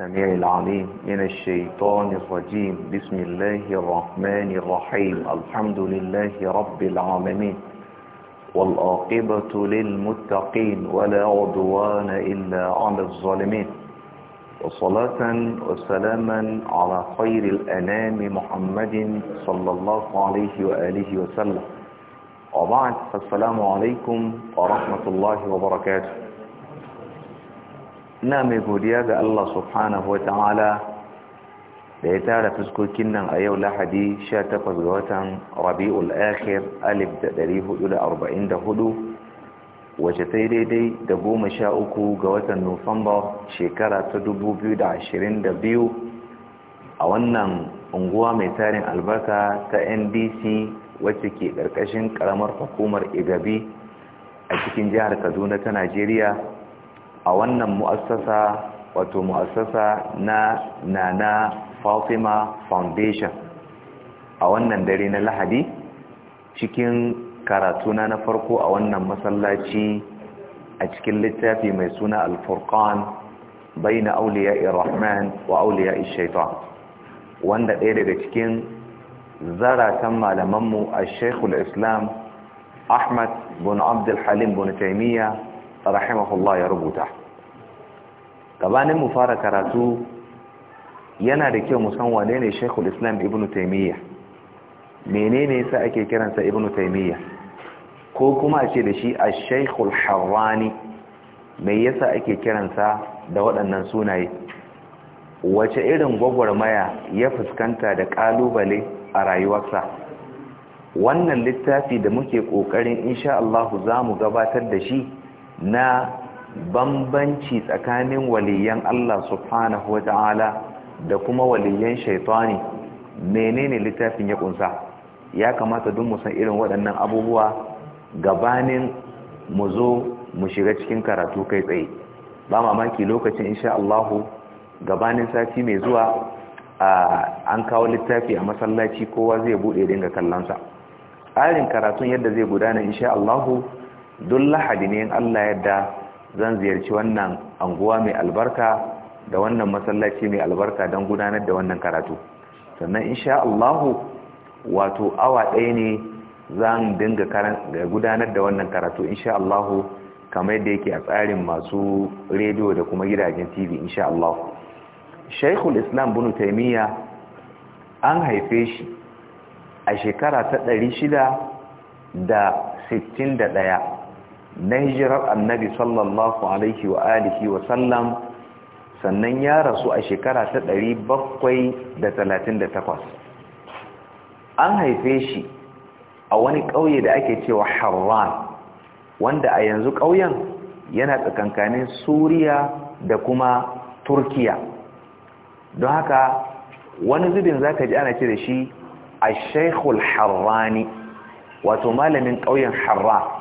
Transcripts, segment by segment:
السميع العليم من الشيطان الرجيم بسم الله الرحمن الرحيم الحمد لله رب العالمين والآقبة للمتقين ولا عدوان إلا على الظالمين وصلاة وسلاما على خير الأنام محمد صلى الله عليه وآله وسلم وبعد السلام عليكم ورحمة الله وبركاته ina mai godiya ga Allah subhanahu wata'ala da ya tara fuskokin nan a yau lahadi 18 ga watan rabi'ul akhir 1444 wace ta daidai da goma sha uku ga watan nufamba shekara ta 2022 a wannan unguwa mai tarin albarka ta ndc wacce ke ƙarƙashin ƙaramar hukumar igabi a cikin jihar kaduna ta najeriya a wannan mu'assasa wato mu'assasa na nana fatima foundation a wannan dare na lahadi cikin karatuna na farko a wannan masallaci a cikin littafi mai suna alfurkan bai na auliya rahman wa auliya shaitan wanda ɗaya daga cikin zaratan malamanmu a shekul islam ahmad bin abdulhalim bin taimiyya rahimahullah ya rubuta gabanin mu fara karatu yana da kyau musan wane ne shekul islam ibn taimiyya menene sa ake kiransa ibn taimiyya ko kuma a ce da shi a shekul harwani mai yasa ake kiransa da waɗannan sunaye wace irin gwagwarmaya ya fuskanta da ƙalubale a rayuwarsa wannan littafi da muke ƙoƙarin insha Allah za mu gabatar da shi na bambanci tsakanin waliyan Allah subhanahu wata'ala da kuma waliyan shaitani menene littafin ya kunsa ya kamata duk musan irin waɗannan abubuwa gabanin mu zo mu shiga cikin karatu kai tsaye ba mamaki lokacin insha Allahu gabanin sati mai zuwa an kawo littafi a masallaci kowa zai buɗe dinga kallonsa tsarin karatun yadda zai gudana insha Allahu don lahadi ne Allah yadda zan ziyarci wannan anguwa mai albarka da wannan masallaci mai albarka don gudanar da wannan karatu sannan insha Allah wato awa ɗaya ne zan dinga gudanar da wannan karatu insha Allah kamar yadda yake a tsarin masu rediyo da kuma gidajen TV insha Allah Shaikhul Islam Ibn Taymiyyah an haife shi a shekara ta ɗaya. na hijirar annabi sallallahu alaihi wa alihi wa sallam sannan ya rasu a shekara ta ɗari bakwai da talatin da takwas. an haife shi a wani ƙauye da ake cewa harran wanda a yanzu ƙauyen yana tsakankanin suriya da kuma turkiya don haka wani zubin za ka ji ana ce da shi a shaikhul harrani wato malamin ƙauyen harran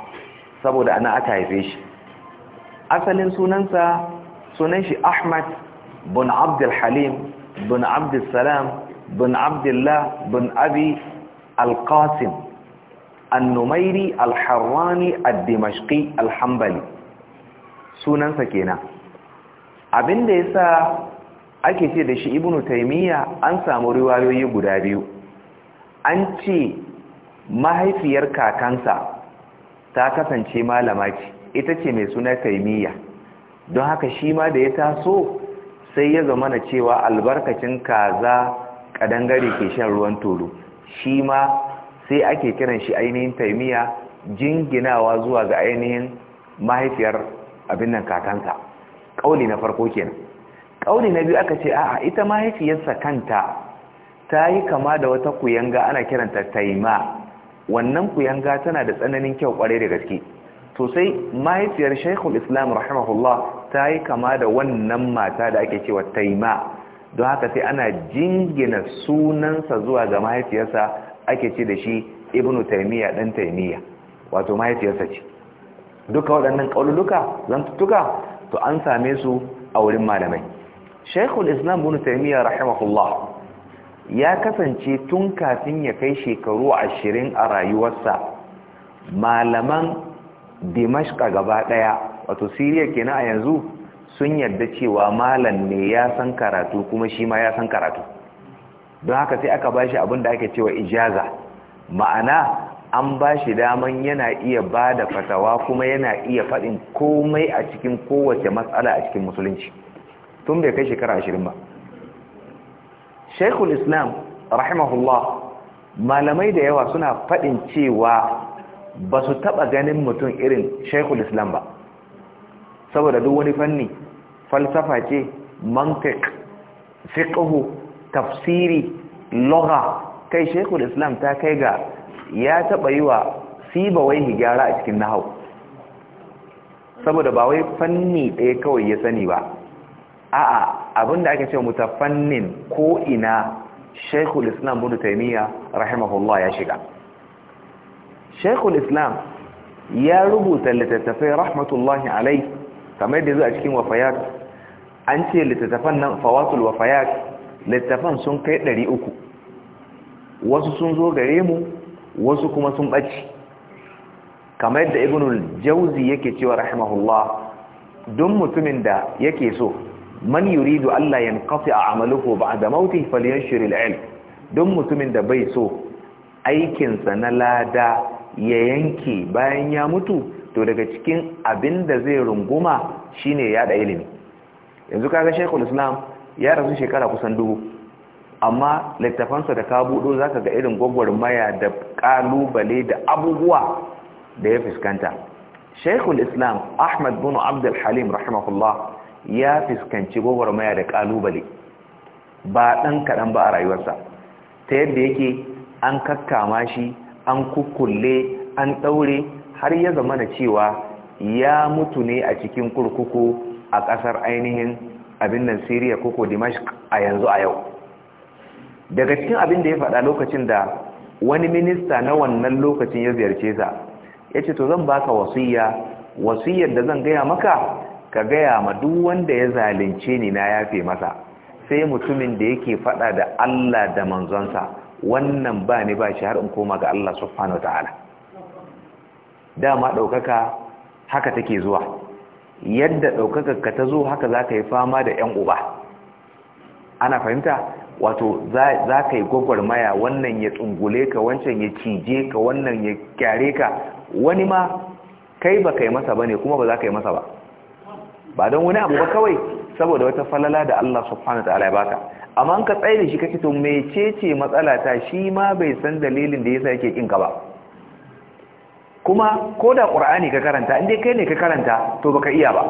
saboda ana aka haife shi asalin sunansa sunan shi ahmad bin abdul halim bin abdul salam bin abdullah bin abi alqasim annumairi alharrani al alhambali sunansa kenan abinda yasa ake ce da shi ibnu taymiya an samu riwayoyi guda biyu an ce mahaifiyar kakansa ta kasance malama ce ita ce mai suna taimiyya don haka shi ma da ya taso sai ya zama na cewa albarkacin kaza kadangare ke shan ruwan toro shi ma sai ake kiran shi ainihin taimiyya jinginawa zuwa ga ainihin mahaifiyar abin nan kakansa ƙauli na farko kenan ƙauli na biyu aka ce a'a ita mahaifiyarsa kanta ta yi kama da wata kuyanga ana kiranta taima wannan kuyanga tana da tsananin kyau kwarai da gaske to sai mahaifiyar shaikhul islam rahimahullah ta yi kama da wannan mata da ake cewa taima don haka sai ana jingina sunansa zuwa ga mahaifiyarsa ake ce da shi ibnu taimiyya dan taimiyya wato mahaifiyarsa ce duka waɗannan zan zantuttuka to an same su a wurin malamai shaikhul islam ibnu taimiyya rahimahullah ya kasance tun kafin ya kai shekaru ashirin a rayuwarsa malaman dimashka gaba ɗaya wato siriya kenan a yanzu sun yarda cewa malam ne ya san karatu kuma shi ma ya san karatu don haka sai aka ba shi abin da ake cewa ijaza ma'ana an ba shi daman yana iya ba da fatawa kuma yana iya faɗin komai a cikin kowace matsala a cikin musulunci tun bai kai shekara ashirin ba shekul islam rahimahullah malamai da yawa suna faɗin cewa ba su taɓa ganin mutum irin shekul islam ba saboda duk wani fanni falsafa ce mantik fiqhu tafsiri lugha kai shekul islam ta kai ga ya taɓa yi wa sibawai gyara a cikin nahau saboda ba wai fanni ɗaya kawai ya sani ba a'a abinda ake cewa mutafannin ko ina Sheikhul Islam Ibn Taymiyyah rahimahullah ya shiga Sheikhul Islam ya rubuta littattafai rahmatullahi alai kamar da zai a cikin wafayat an ce littattafan nan fawatul wafayat littattafan sun kai 300 wasu sun zo gare mu wasu kuma sun ɓaci kamar da ibn jauzi yake cewa rahimahullah don mutumin da yake so man yuridu Allah a amaluhu da mautin falyanshir shirin el. don mutumin da bai so aikinsa na lada ya yanke bayan ya mutu to daga cikin abin da zai runguma shi shine yada ilimi yanzu kaga shekul Islam ya rasu shekara kusan dubu amma littafansa da ka budo ka ga irin gwagwar maya da ƙalubale da abubuwa da ya fuskanta Shekul Islam Ahmad bin Abdul Halim rahimahullah ya fuskanci gwagwarmaya da kalubale ba ɗan kaɗan ba a rayuwarsa ta yadda yake an kakkama shi an kukulle an ɗaure har ya zama na cewa ya mutu ne a cikin kurkuku a ƙasar ainihin abin nan siriya koko Dimashq a yanzu a yau daga cikin abin da ya faɗa lokacin da wani minista na wannan lokacin ya ziyarce sa ya ce to zan baka wasu wasiyyar da zan gaya maka ka gaya ma duk wanda ya zalunce ni na yafe masa sai mutumin da yake fada da Allah da manzonsa wannan ba ni ba shi har in koma ga Allah subhanahu wataala dama daukaka haka take zuwa yadda daukakar ka ta zo haka zaka yi fama da ƴan uba ana fahimta wato za ka yi gwagwarmaya wannan ya tsungule ka wancan ya cije ka wannan ya kyare ka wani ma kai ba ka yi masa ba ne kuma ba za ka yi masa ba ba don wani abu ba kawai saboda wata falala da Allah subhanahu ta'ala ya baka amma an ka tsaye da shi kace to ce matsala ta shi ma bai san dalilin da yasa yake kin ka ba kuma ko da qur'ani ka karanta inda kai ne ka karanta to baka iya ba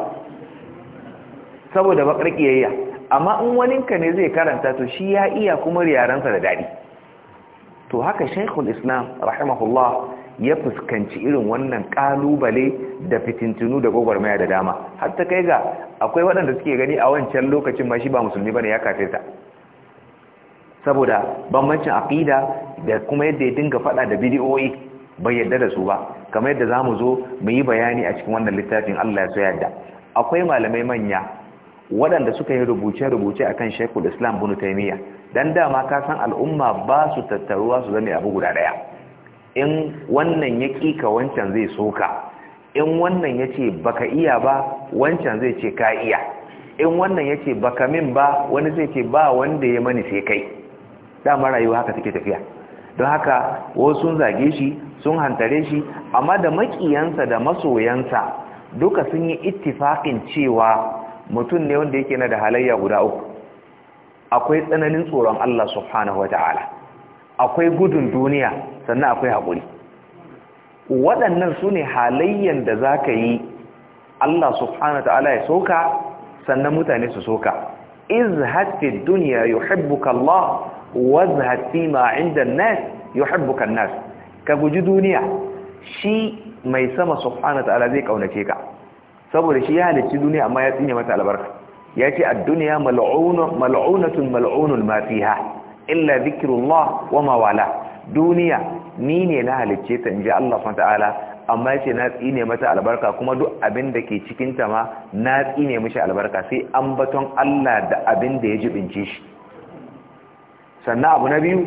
saboda bakarkiyayya amma in wanin ka ne zai karanta to shi ya iya kuma riyaransa da dadi to haka shaykhul islam rahimahullah ya fuskanci irin wannan kalubale da fitintunu da gwagwarmaya da dama har ta kai ga akwai waɗanda suke gani a wancan lokacin ma shi ba musulmi ba ne, ya ta saboda bambancin aƙida da kuma yadda ya dinga faɗa da bidiyoyi bai yadda da su ba kamar yadda za mu zo mu yi bayani a cikin wannan littafin Allah ya so yadda akwai malamai manya waɗanda suka yi rubuce-rubuce a akan Sheikhul Islam Ibn Taymiyyah dan dama ka san al'umma ba su tattaruwa su zane abu guda ɗaya in wannan ya kika wancan zai soka in wannan ya ce baka iya ba wancan zai ce ka iya in wannan ya ce baka min ba wani zai ce ba wanda ya mani sai kai dama rayuwa haka suke tafiya don haka wasu sun zage shi sun hantare shi amma da makiyansa da masoyansa duka sun yi ittifaƙin cewa mutum ne wanda yake na da halayya guda uku akwai tsananin tsoron Allah subhanahu wa ta'ala akwai gudun duniya sannan akwai haƙuri waɗannan su ne halayyan da za ka yi Allah subhanahu ta'ala ya soka sannan mutane su soka izhati duniya yuhibbuka Allah wazhati ma inda nas yuhibbuka nas ka guji duniya shi mai sama subhanahu ta'ala zai kaunace ka saboda shi ya halicci duniya amma ya tsine mata albarka ya ce a duniya mal'unatun mal'unatun mal'unul ma illa zikrullah wa mawala duniya ni ne na halicce ta inji Allah ta'ala amma yace na tsine mata albarka kuma duk abin da ke cikin ta ma na tsine mishi albarka sai an baton Allah da abin da ya jibince shi sannan abu na biyu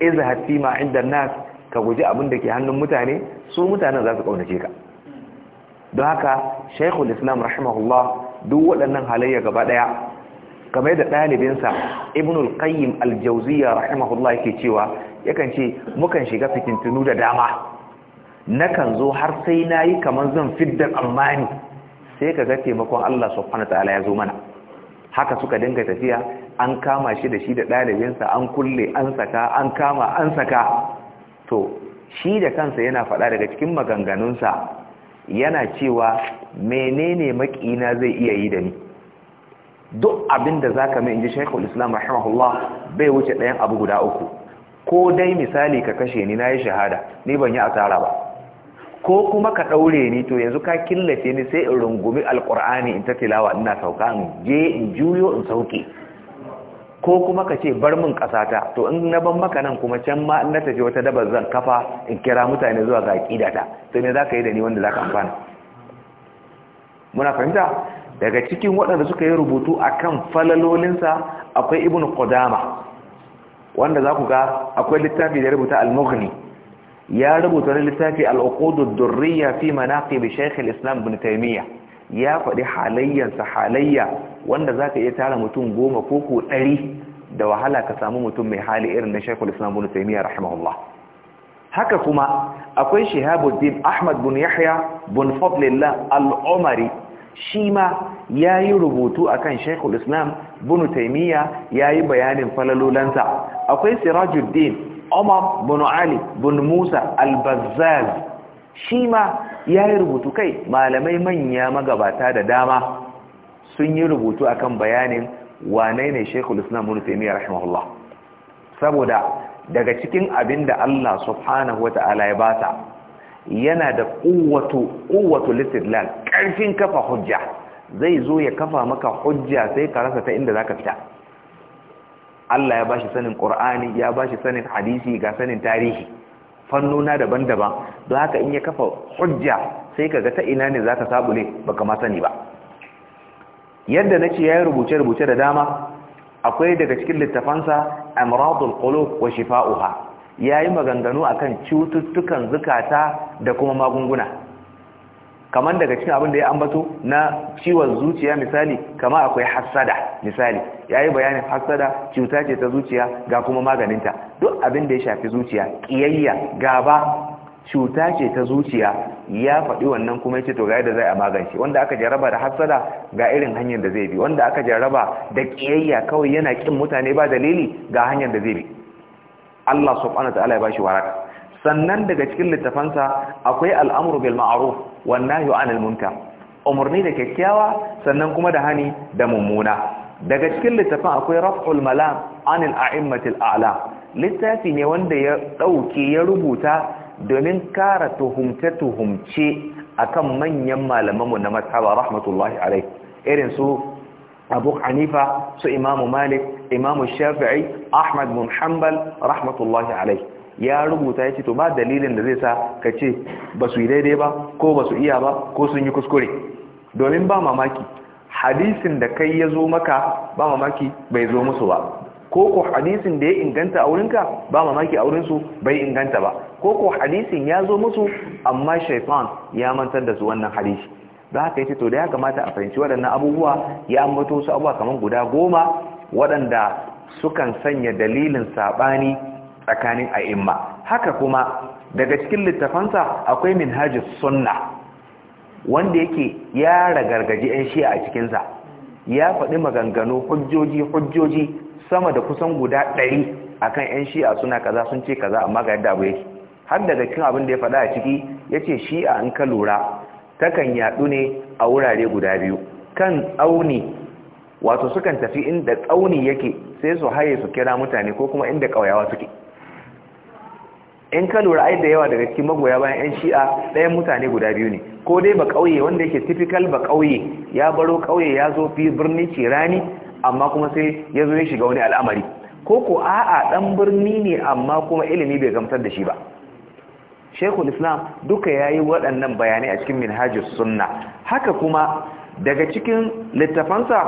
izhad fi ma inda nas ka guji abin da ke hannun mutane su mutanen za su kaunace ka don haka shaykhul islam rahimahullah duk waɗannan halayya gaba ɗaya kamar da ɗalibinsa ibn al-qayyim al-jawziya rahimahullah yake cewa yakan ce mukan shiga fitintunu da dama nakan zo har sai na yi kamar zan fidda al-amani. sai ka ga taimakon Allah subhanahu ta'ala ya zo mana haka suka dinga tafiya an kama shi da shi da ɗalibinsa an kulle an saka an kama an saka to shi da kansa yana faɗa daga cikin maganganunsa yana cewa menene makina zai iya yi da ni duk abin da zaka mai inji Sheikhul Islam rahimahullah bai wuce ɗayan abu guda uku ko dai misali ka kashe ni na yi shahada ni ban yi asara ba ko kuma ka ɗaure ni to yanzu ka killace ni sai in rungumi Alkur'ani in ta tilawa ina sauka in je in juyo in sauke ko kuma ka ce bar min ƙasata to in na ban maka nan kuma can ma in na tafi wata dabar zan kafa in kira mutane zuwa ga sai ne za zaka yi da ni wanda za ka amfana muna fahimta daga cikin waɗanda suka yi rubutu akan falalolinsa akwai ibn qudama wanda za ku ga akwai littafi da rubuta al-mughni ya rubuta wani littafi al-uqudud durriya fi manaqib shaykh al-islam ibn ya faɗi halayyansa halayya wanda za ka iya tara mutum goma ko ko ɗari da wahala ka samu mutum mai hali irin na shaykh al-islam ibn rahimahullah haka kuma akwai shihabuddin ahmad bin yahya bin fadlillah al-umari shi ma ya yi rubutu a kan shekul islam bunu taimiyya ya yi bayanin falalolansa akwai sirajuddin omar bunu ali bunu musa albazal shi ma ya yi rubutu kai malamai manya magabata da dama sun yi rubutu akan bayanin wane ne shekul islam bunu taimiyya rahimahullah saboda daga cikin abin da allah subhanahu wa ta'ala ya bata yana da ƙuwatu ƙuwatu karfin ƙarfin kafa hujja zai zo ya kafa maka hujja sai ka rasa ta inda za ka fita Allah ya bashi sanin ƙur'ani ya bashi sanin hadisi ga sanin tarihi fannona daban-daban don haka in ya kafa hujja sai ka ga ta ina ne za ka sabule ba kama sani ba yadda na ce ya yi rubuce-rubuce da dama akwai daga cikin littafansa amradul qulub wa shifa'uha ya yi maganganu a kan cututtukan zukata da kuma magunguna kamar daga cikin abin da ya ambato na ciwon zuciya misali kama akwai hassada misali ya yi bayanin hassada cuta ce ta zuciya ga kuma maganinta duk abin da ya shafi zuciya ƙiyayya gaba cuta ce ta zuciya ya faɗi wannan kuma yace to ga yadda zai a magance wanda aka jaraba da hasada ga irin hanyar da zai bi wanda aka jaraba da kiyayya kawai yana ƙin mutane ba dalili ga hanyar da zai bi Allah subhanahu wataala ya bashi waraka sannan daga cikin littafansa akwai al'amru bil ma'ruf wan nahyu 'anil munkar umurni da kyakkyawa sannan kuma da hani da mummuna daga cikin littafin akwai raf'ul malam 'anil a'immatil a'la littafi ne wanda ya dauke ya rubuta domin kara tuhumce tuhumce akan manyan malamanmu na mazhaba rahmatullahi alaihi irin su abu hanifa su imamu malik imamu shafi'i ahmad bin hanbal rahmatullahi alai ya rubuta ya ce to ba dalilin da zai sa ka ce ba su yi daidai ba ko ba su iya ba ko sun yi kuskure domin ba mamaki hadisin da kai ya zo maka ba mamaki bai zo musu ba ko ko hadisin da ya inganta a wurinka ba mamaki a wurinsu bai inganta ba ko ko hadisin ya zo musu amma shaifan ya mantar da su wannan hadisi da haka yace to da ya kamata a fahimci waɗannan abubuwa ya ambato su abuwa kamar guda goma waɗanda sukan sanya dalilin saɓani tsakanin a'imma haka kuma daga cikin littafansa akwai minhajus sunna wanda yake ya ragargaji 'yan shi a cikinsa ya faɗi maganganu hujjoji hujjoji sama da kusan guda ɗari a akan 'yan a suna kaza sun ce kaza amma ga yadda abu yake har daga cikin abin da ya faɗa a ciki ya ce shi'a in ka lura takan yadu ne a wurare guda biyu kan tsauni wato sukan tafi inda tsauni yake sai su haye su kira mutane ko kuma inda ƙauyawa suke in ka lura ai da yawa daga cikin magoya bayan 'yan shi'a ɗayan mutane guda biyu ne ko dai ba ƙauye wanda yake typical ba ƙauye ya baro ƙauye ya zo fi birni ce rani amma kuma sai ya zo ya shiga wani al'amari ko ko a'a ɗan birni ne amma kuma ilimi bai gamsar da shi ba shekul islam duka ya yi waɗannan bayanai a cikin minhajus sunna haka kuma daga cikin littafansa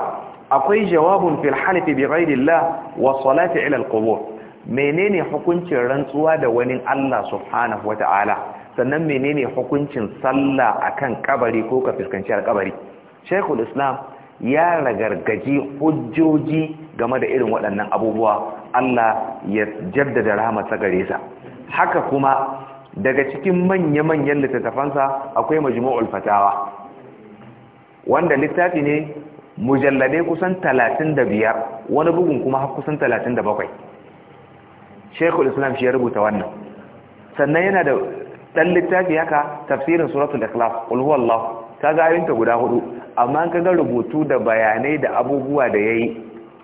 akwai jawabin fil halifi bi ghairillah wa salati ila alqubur menene hukuncin rantsuwa da wani Allah subhanahu wata'ala sannan menene hukuncin sallah akan kabari ko ka fuskanci alkabari shekul islam ya ragargaji hujjoji game da irin waɗannan abubuwa Allah ya jaddada rahama gare sa haka kuma daga cikin manya-manyan littattafansa akwai majmu'ul fatawa wanda littafi ne mujalladai kusan talatin da biyar wani bugun kuma har kusan talatin da bakwai shekul islam shi ya rubuta wannan sannan yana da ɗan littafi haka tafsirin suratul ikhlas qul huwallahu ta gayinta guda hudu amma ka ga rubutu da bayanai da abubuwa da yayi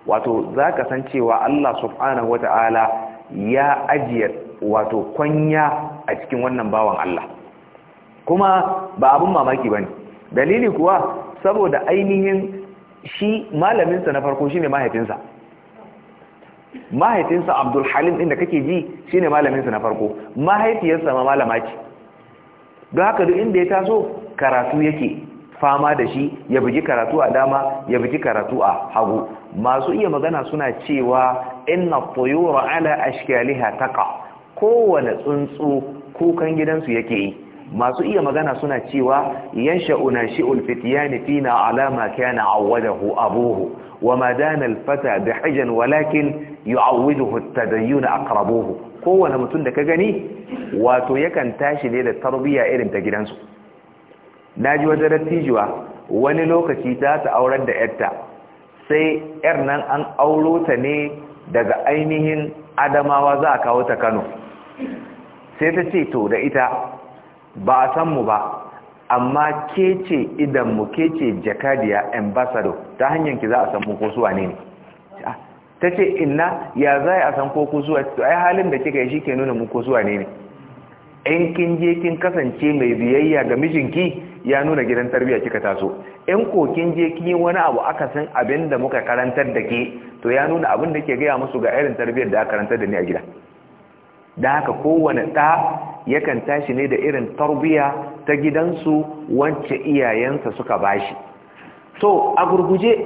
wato zaka san cewa Allah subhanahu wataala ya ajiye wato kwanya a cikin wannan bawan Allah kuma ba abin mamaki ba ne dalili kuwa saboda ainihin shi malaminsa na farko shine mahaifinsa mahaifinsa abdul halim inda kake ji shine malaminsa na farko mahaifiyarsa ma malama ce don haka duk inda ya taso karatu yake fama da shi ya bugi karatu a dama ya bugi karatu a hagu masu iya magana suna cewa inna tuyura ala ashkaliha taqa kowane tsuntsu kukan gidansu yake yi masu iya magana suna cewa 'yan yansha'una shi'ul fityani fina alama kana awwadahu abuhu wama dana alfata bihajan walakin yu'awwiduhu at-tadayyun aqrabuhu kowane mutum da ka gani wato yakan tashi ne da tarbiya irin ta gidansu naji wata rattijuwa wani lokaci ta ta aurar da yarta sai yar nan an auro ta ne daga ainihin adamawa za a kawo ta Kano sai ta ce to da ita ba a san mu ba amma ke ce idanmu ke ce jakadiya Ambasado, ta hanyar ki za a san mu ko suwa ne ta ce 'Ina ya za a san ko ku zuwa to ai halin da kika yi shi ke nuna mu ko zuwa ne ne in kin je kin kasance mai biyayya ga mijinki ya nuna gidan tarbiyya kika taso in ko kin je kin yi wani abu aka san abin da muka karantar da ke to ya nuna abin da ke gaya musu ga irin tarbiyyar da aka karantar da ni a gida da haka kowane ɗa yakan tashi ne da irin tarbiya ta gidansu wacce iyayensa suka bashi to a gurguje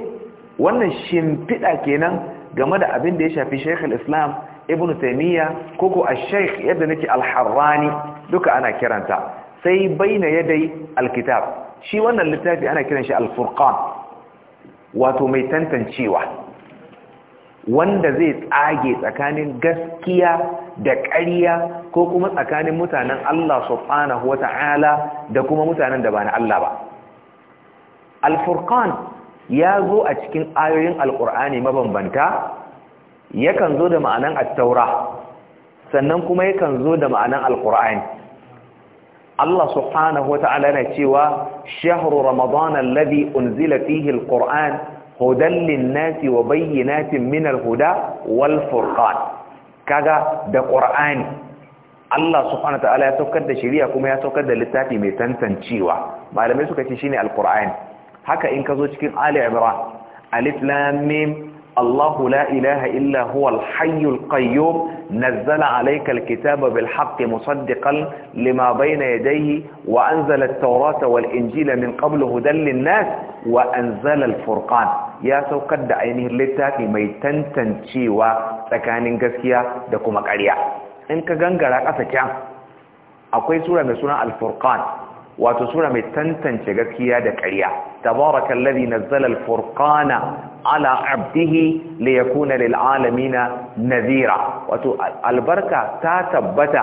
wannan shimfiɗa kenan game da abin da ya shafi sheikh islam ibn taimiyya koko a sheikh yadda nake alharrani duka ana kiranta sai baina yadai alkitab shi wannan littafi ana kiran shi alfurqan wato mai tantancewa wanda zai tsage tsakanin gaskiya da ƙarya ko kuma tsakanin mutanen Allah subhanahu da kuma mutanen da ba na Allah ba al-furqan ya zo a cikin ayoyin alkur'ani mabambanta yakan zo da ma'anan at-taura sannan kuma yakan zo da ma'anan alkur'ani Allah subhanahu na cewa shahru ramadan alladhi unzila fihi qur'an. hudan linnasi wa bayyinatin min al-huda wal furqan kaga da qur'ani Allah subhanahu ya saukar da shari'a kuma ya saukar da littafi mai tantancewa malamai suka ce shine al haka in ka zo cikin ali imran alif lam mim الله لا إله إلا هو الحي القيوم نزل عليك الكتاب بالحق مصدقا لما بين يديه وأنزل التوراة والإنجيل من قبل هدى للناس وأنزل الفرقان يا سوكر da ainihin littafi mai tantancewa tsakanin gaskiya da kuma ƙarya in ka gangara سورة kyan akwai sura wato sura mai tantance gaskiya da ƙarya tabaraka ladhi nazzala al ala 'abdihi liyakuna lil alamina nadhira wato albarka ta tabbata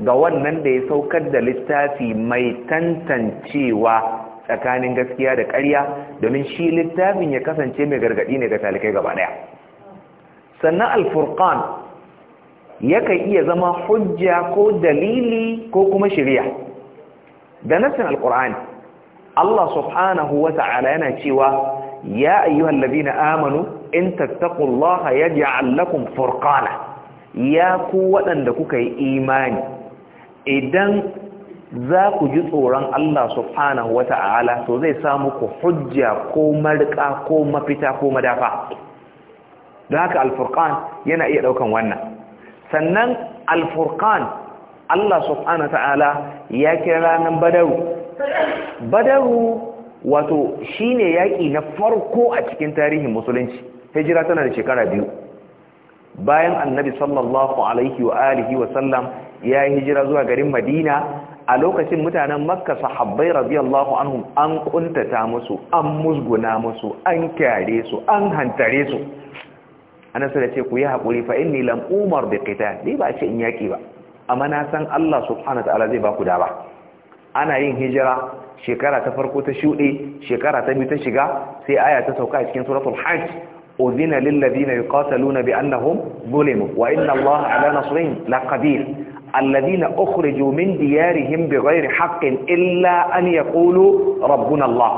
ga wannan da ya saukar da littafi mai tantancewa tsakanin gaskiya da ƙarya domin shi littafin ya kasance mai gargadi ne ga talikai gaba daya sannan al-furqan yakan iya zama hujja ko dalili ko kuma shari'a da nassin alkur'ani Allah subhanahu ta'ala yana cewa ya ayyuhal ladina amanu in tattaqullaha yaj'al lakum furqana ya ku waɗanda kuka yi imani idan za ku ji tsoron Allah subhanahu ta'ala, to zai samu ku hujja ko marƙa ko mafita ko madafa Da haka alfurkan yana iya ɗaukan wannan sannan alfurkan Allah subhanahu ta'ala ya kira ranar badaru badaru wato shine yaƙi na farko a cikin tarihin musulunci hijira tana da shekara biyu bayan annabi sallallahu alaihi wa alihi wa sallam ya yi hijira zuwa garin madina a lokacin mutanen makka sahabbai radiyallahu anhum an kuntata musu an musguna musu an kyare su an hantare su anasa da ce ku yi haƙuri fa inni lam umar bi qital ba ce in yaki ba amma na san Allah subhanahu ta'ala zai baku dama ana yin hijira shekara ta farko ta shuɗe shekara ta biyu ta shiga sai aya ta sauka a cikin suratul hajj udhina lil ladina yuqataluna bi annahum zulimu wa inna allaha ala nasrihim laqadir الذين أخرجوا من ديارهم بغير حق illa an يقولوا ربنا الله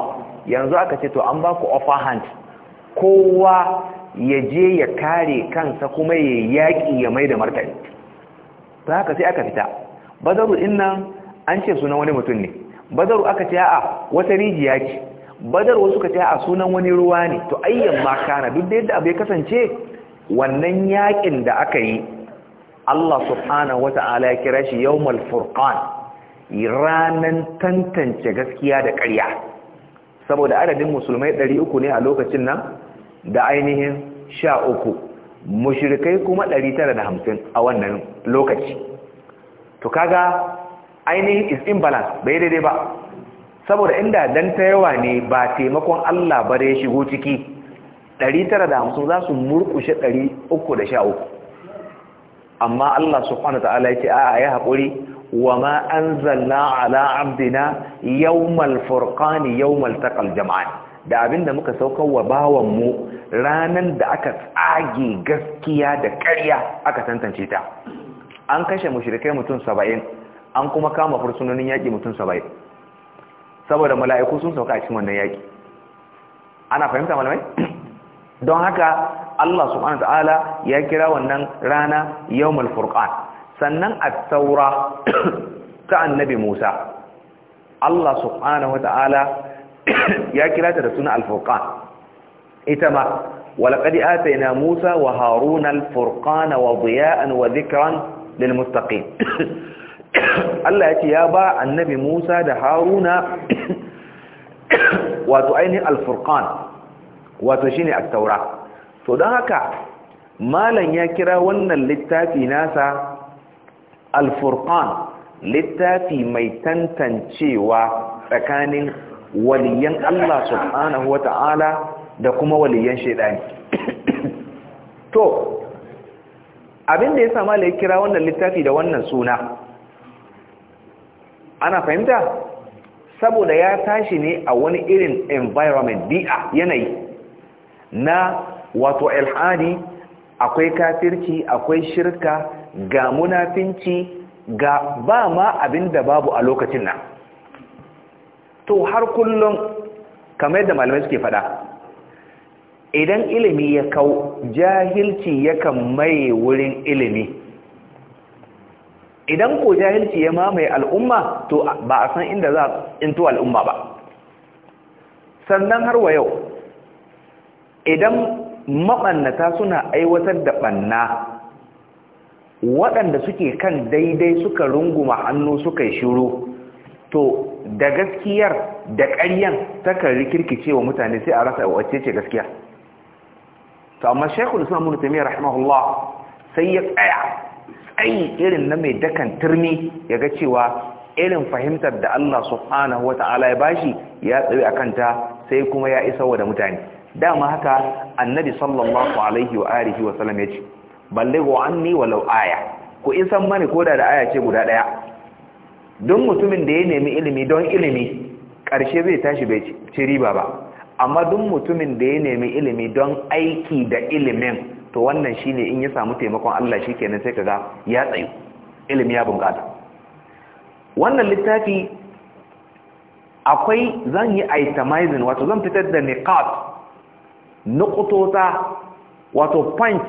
yanzu aka ce to an baku ku offer hand kowa ya je ya kare kansa kuma ya yaƙi ya mai da martani ta haka sai aka fita bazaru din nan an ce sunan wani mutum ne bazaru aka ce a wata rijiya ce badar wasu ka ce a sunan wani ruwa ne to ayyan ma kana duk da yadda abu ya kasance wannan yakin da aka yi Allah subhanahu wata'ala ya kira shi yawmal furqan ranan tantance gaskiya da ƙarya saboda adadin musulmai 300 ne a lokacin nan da ainihin 13 Mushirikai kuma ɗari tara da 950 a wannan lokaci to kaga ainihin is imbalance bai daidai ba saboda inda dan ta yawa ne ba taimakon Allah ba da ya shigo ciki ɗari tara 950 za su murkushe ɗari da 313 amma Allah subhanahu ya yake a ya haƙuri wa ma anzalna ala abdina yawmal furqani yawmal taqal da abin da muka saukar wa bawanmu ranan da aka tsage gaskiya da karya aka tantance ta an kashe mushirikai mutum saba'in an kuma kama fursunonin yaƙi mutum saba'in saboda mala'iku sun sauka a cikin wannan yaƙi ana fahimta malamai don haka Allah subhanahu ta'ala ya kira wannan rana yawmul furqan sannan a taura ta annabi Musa Allah subhanahu ta'ala ya kira ta da suna al-furqan ita ma walaqad atayna Musa wa Haruna al-furqana wa diya'an wa dhikran lil muttaqin Allah yace ya ba annabi Musa da Haruna wato ainihin al-furqan wato shine at-taura to dan haka malan ya kira wannan littafi nasa al-furqan littafi mai tantancewa tsakanin waliyan Allah subhanahu wa ta'ala da kuma waliyan shaidani to abin da ya sama ya kira wannan littafi da wannan suna ana fahimta saboda ya tashi ne a wani irin environment bi'a yanayi na wato ilhadi akwai kafirci akwai shirka ga munafinci ga ba ma abin da babu a lokacin nan to har kullum kamar yadda malamai suke fada idan ilimi ya kau jahilci yakan maye wurin ilimi idan ko jahilci ya mamaye al'umma to ba a san inda za into al'umma ba sannan har wa yau idan maɓannata suna aiwatar da ɓanna waɗanda suke kan daidai suka runguma hannu suka yi shiru to da gaskiyar da ƙaryan takan rikirkice wa mutane sai a rasa wacce ce gaskiya to amma shekul islam ibn taymiyyah rahimahullah sai ya tsaya tsayi irin na mai dakan turmi ya ga cewa irin fahimtar da Allah subhanahu ta'ala ya bashi ya tsaye a kanta, sai kuma ya isa wa da mutane dama haka annabi sallallahu alaihi wa alihi wa sallam yace ballighu anni walau aya ku isan mani koda da aya ce guda daya don mutumin da ya nemi ilimi don ilimi ƙarshe zai tashi bai ci riba ba amma duk mutumin da ya nemi ilimi don aiki da ilimin to wannan shi ne in ya samu taimakon Allah shi kenan sai kaga ya tsayu ilimi ya bunƙasa wannan littafi akwai zan yi itemizing wato zan fitar da niqat nukutota wato point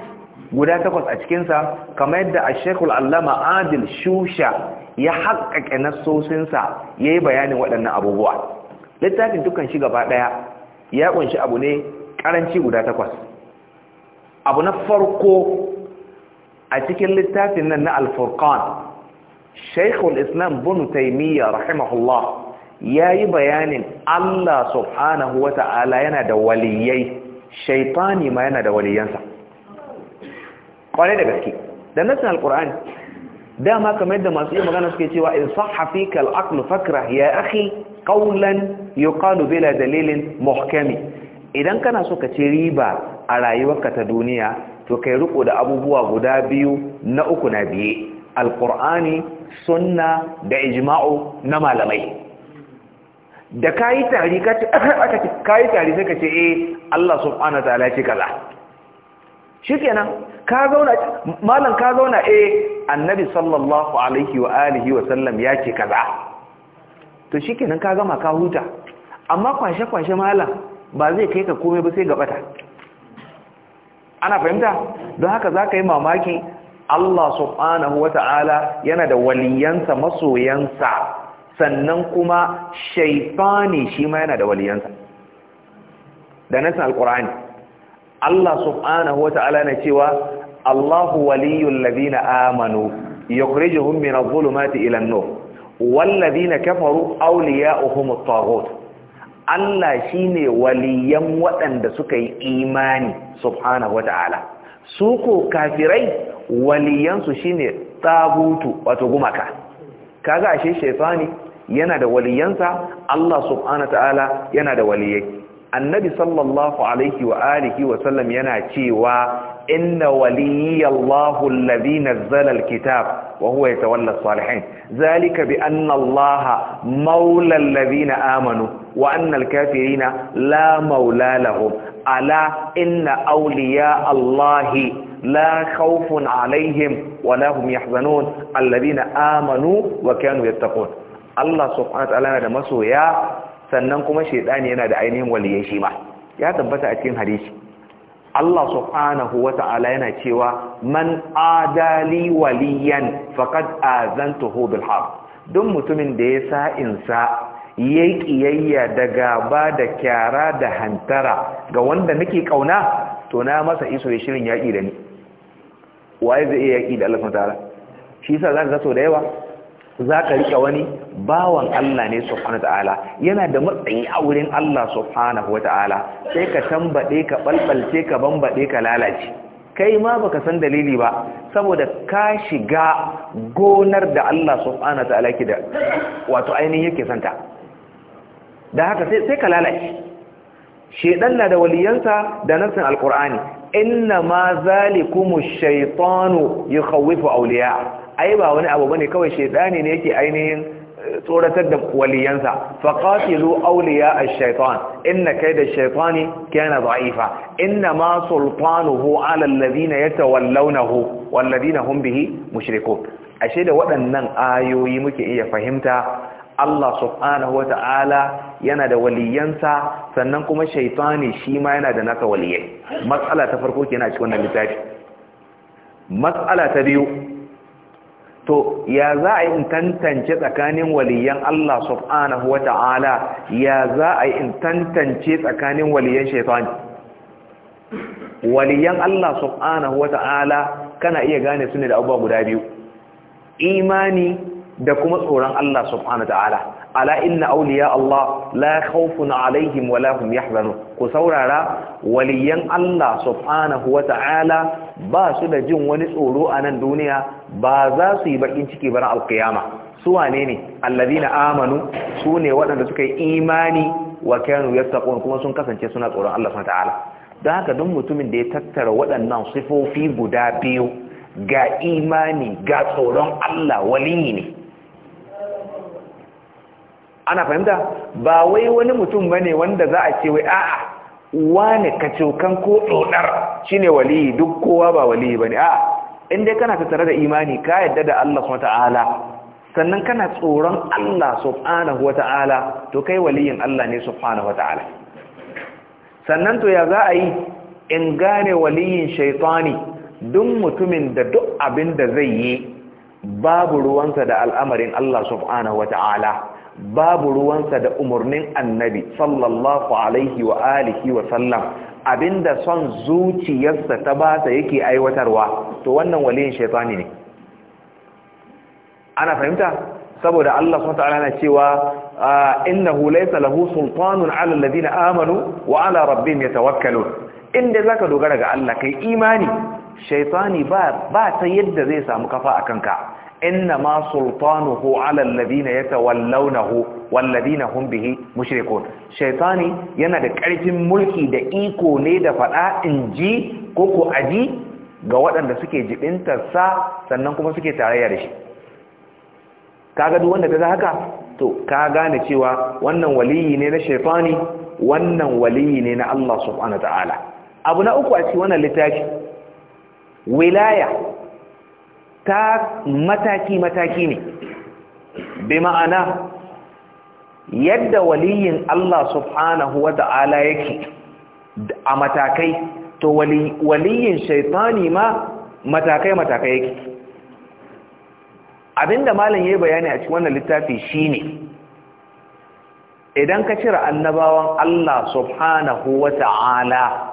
guda takwas a cikinsa kamar yadda a shekul allama adil shusha ya haƙaƙe sosinsa ya yi bayanin waɗannan abubuwa littafin dukkan shi gaba ɗaya ya ƙunshi abu ne ƙaranci guda takwas abu na farko a cikin littafin nan na alfurkan shaikhul islam bin taimiyya rahimahullah ya yi bayanin allah subhanahu wa ta'ala yana da waliyai shaitani ma yana da waliyansa ƙwarai da gaske da nasin alƙur'ani dama kamar yadda masu iya magana suke cewa in sahha fika fakra ya akhi qawlan yuqalu bila dalilin muhkami idan kana so ka ci riba a rayuwarka ta duniya to kai riko da abubuwa guda biyu na uku na biye alqur'ani sunna da ijma'u na malamai da kayi tari ka ce aka kayi tari sai ka ce eh Allah subhanahu wa ta'ala ce kaza shikenan ka zauna malam ka zauna eh annabi sallallahu alaihi wa alihi wa sallam yake kaza to shikenan ka gama ka huta amma kwashe kwashe malam ba zai kai ka komai ba sai gabata ana fahimta don haka zaka yi mamaki Allah subhanahu wa ta'ala yana da waliyansa masoyansa sannan kuma shaifani shi ma yana da waliyansa da nasan Alqur'ani. Allah subhanahu wata'ala na cewa Allahu waliyul ladina amanu yukhrijuhum min adh-dhulumati ila an-nur wal ladina kafaru awliya'uhum at-taghut Allah shine waliyan waɗanda suka yi imani subhanahu wata'ala su ko kafirai waliyansu shine tagutu wato gumaka kaga ashe shaytani yana da waliyansa Allah subhanahu ta'ala yana da waliyai annabi sallallahu alaihi wa alihi wa sallam yana cewa inna waliyallahu alladhi nazzala alkitab wa huwa yatawalla salihin zalika bi anna allaha maula alladhina amanu wa anna alkafirina la maula lahum ala inna awliya allahi la khawfun alaihim wa lahum yahzanun alladhina amanu wa kanu yattaqun Allah subhanahu wa ta'ala da masoya sannan kuma shaidani yana da ainihin waliyai shi ma ya tabbata a cikin hadisi Allah subhanahu wata'ala yana cewa man adali waliyan faqad azantuhu bil harb duk mutumin da ya sa insa yayi kiyayya da gaba da kyara da hantara ga wanda nake kauna to na masa iso ya shirin yaki da ni waye zai yaki da Allah subhanahu wata'ala shi yasa zaka ga so da yawa za ka riƙe wani bawan Allah ne subhanahu ta'ala yana da matsayi a wurin Allah subhanahu ta'ala sai ka tambaɗe ka ɓalɓalce ka bambaɗe ka lalace kai ma baka san dalili ba saboda ka shiga gonar da Allah subhanahu ta'ala ke da wato ainihin yake santa da haka sai ka lalace shedan na da waliyansa da nassin alqur'ani inna ma zalikumu shaytanu yukhawifu awliya ai ba wani abu bane kawai shedani ne yake ainihin eh, tsoratar da waliyansa faqatilu awliya ash-shaytan inna kayda ash-shaytani kana da'ifa inna ma sultanuhu 'ala alladhina yatawallawnahu walladhina hum bihi mushrikun ashe da waɗannan ayoyi muke iya fahimta Allah subhanahu wata'ala yana da waliyansa sannan kuma shaitani shi ma yana da nasa waliyai matsala ta farko kenan cikin wannan littafi matsala ta biyu to ya za a yi in tantance tsakanin waliyan Allah subhanahu wa ta'ala ya za a yi in tantance tsakanin waliyan shaitani waliyan Allah subhanahu wa ta'ala kana iya gane su ne da abubuwa guda biyu imani da kuma tsoron Allah subhanahu wa ta'ala ala inna auliya Allah la khawfun alaihim wa lahum yahzanun ku saurara waliyan Allah subhanahu wa ta'ala ba su da jin wani tsoro a nan duniya ba za su yi bakin ciki ba na alkiyama su wane ne allazina amanu su ne waɗanda suka yi imani wa kanu yattaqun kuma sun kasance suna tsoron Allah subhanahu ta'ala don haka duk mutumin da ya tattara waɗannan sifofi guda biyu ga imani ga tsoron Allah waliyi ne ana fahimta ba wai wani mutum bane wanda za a ce wai a'a wani kacokan ko dodar shine wali duk kowa ba wali bane a'a in dai kana tattare da imani ka yadda da Allah subhanahu wataala sannan kana tsoron Allah subhanahu wataala to kai waliyin Allah ne subhanahu wataala sannan to ya za a yi in gane waliyin shaitani duk mutumin da duk abin da zai yi babu ruwansa da al'amarin Allah subhanahu wataala babu ruwansa da umarnin annabi sallallahu alaihi wa alihi wa sallam abinda son zuciyarsa ta basa yake aiwatarwa to wannan waliyin shaitani ne ana fahimta saboda Allah subhanahu wa ta'ala na cewa ah, innahu laysa lahu sultanun 'ala alladhina amanu wa 'ala rabbihim yatawakkalun inda zaka dogara ga Allah kai imani shaitani ba ba ta yadda zai samu kafa akan ka inna ma sultanuhu ala alladhina yatawallawnahu walladhina hum bihi mushrikun shaytani yana da karfin mulki da iko ne da fada inji ko ko aji ga waɗanda suke jibintar sa sannan kuma suke tarayya da shi kaga duk wanda kaza haka to ka gane cewa wannan waliyi ne na shaytani wannan waliyi ne na Allah subhanahu wataala abu na uku a cikin wannan littafi wilaya ta mataki-mataki ne bi ma'ana yadda waliyin Allah subhanahu wa ta'ala yake a matakai to waliyin shaitani ma matakai-matakai yake abinda malam yayi bayani a cikin wannan littafi shine idan ka cire annabawan Allah subhanahu wa ta'ala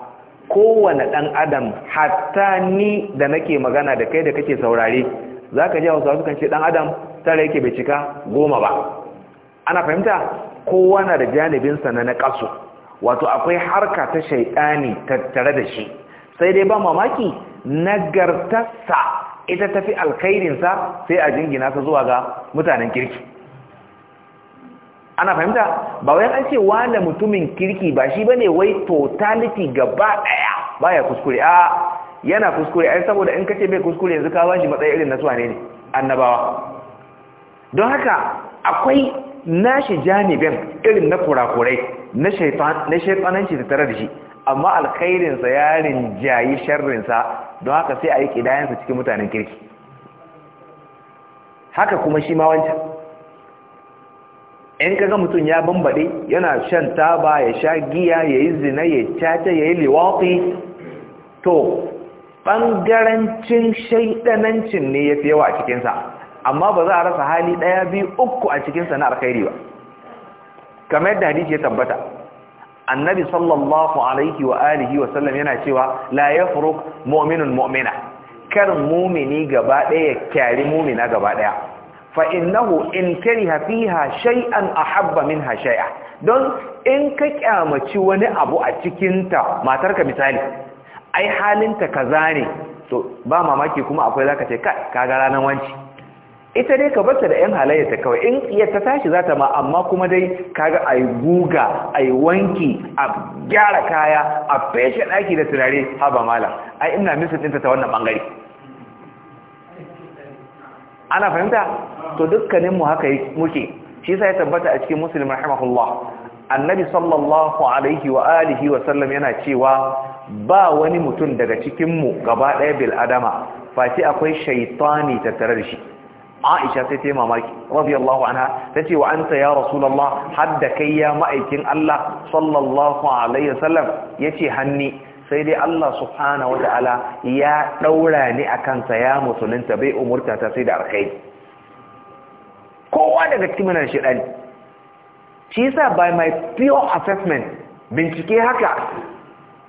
kowane ɗan adam hatta ni da nake magana da kai da kake saurare za ka ji wasu kan ce ɗan adam tara yake bai cika goma ba ana fahimta kowa da janibinsa na na ƙasu wato akwai harka ta shaiɗani tattare da shi sai dai ba mamaki nagartarsa ita tafi alkhairinsa sai a jingina sa zuwa ga mutanen kirki ana fahimta ba wai an ce wanda mutumin kirki ba shi bane wai totality gaba daya baya kuskure a yana kuskure ai saboda in kace bai kuskure yanzu ka bashi matsayi irin na su ne annabawa don haka akwai nashi janibin irin na kurakurai na shaytan na da tare da shi amma alkhairinsa yarin jayi sharrinsa don haka sai a yi kidayansa cikin mutanen kirki haka kuma shi ma wancan in kaga mutum ya bambade yana shan taba ya sha giya ya yi zina ya caca ya yi liwafi to ɓangarancin shaiɗanancin ne ya fi yawa a cikinsa amma ba za a rasa hali ɗaya biyu uku a cikinsa na alkhairi ba kamar yadda hadisi ya tabbata annabi sallallahu alaihi wa alihi wa sallam yana cewa la yafruq mu'minun mu'mina kar mumini gaba ɗaya ya kyari mumina gaba ɗaya fa'innahu in kariha fiha shay'an ahabba minha shay'a don in ka kyamaci wani abu a cikin cikinta matarka misali ai halinta kaza ne to ba mamaki kuma akwai zaka ce ka ga ranar wanci ita dai ka bata da yan ta kawai in ta tashi za ta ma amma kuma dai ka ga ai guga ai wanki a gyara kaya a feshe ɗaki da turare haba malam ai ina misalin ta ta wannan bangare ana fahimta to dukkanin mu haka muke shi yasa ya tabbata a cikin muslim rahimahullah annabi sallallahu alaihi wa alihi wa sallam yana cewa ba wani mutum daga cikin mu gaba ɗaya bil adama face akwai shaytani tattare da shi Aisha sai ta mamaki radiyallahu anha tace wa anta ya rasulullah hadda kai ya ma'aikin Allah sallallahu alaihi wasallam yace hanni sai dai Allah wa ta'ala ya daura ni a kansa ya musulunta bai umurta ta sai da arkai kowa daga cikin nan ne shi yasa by my pure assessment bincike haka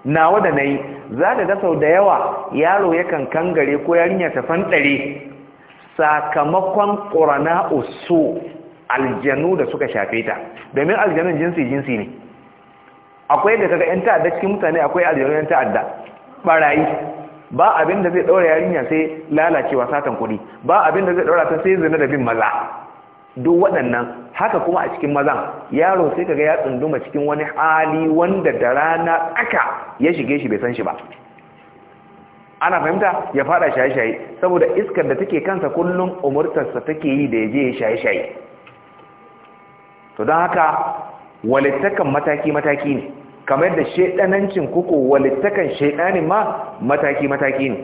nawa da nayi za ka ga sau da yawa yaro yakan kangare ko yarinya ta fanɗare sakamakon ƙorana usu aljanu da suka shafe ta domin aljanun jinsi jinsi ne akwai da kaga yan ta'adda cikin mutane akwai aljihar yan ta'adda barayi ba abin da zai daura yarinya sai lalacewa satan kuɗi ba abin da zai daura ta sai zina da bin maza duk waɗannan haka kuma a cikin mazan yaro sai kaga ya tsunduma cikin wani hali wanda da rana aka ya shige shi bai san shi ba ana fahimta ya fada shaye-shaye saboda iskar da take kansa kullum umurtarsa take yi da ya je ya shaye-shaye to don haka walittakan mataki-mataki ne kamar da shaidanancin kuku walittakan shaidanin ma mataki-mataki ne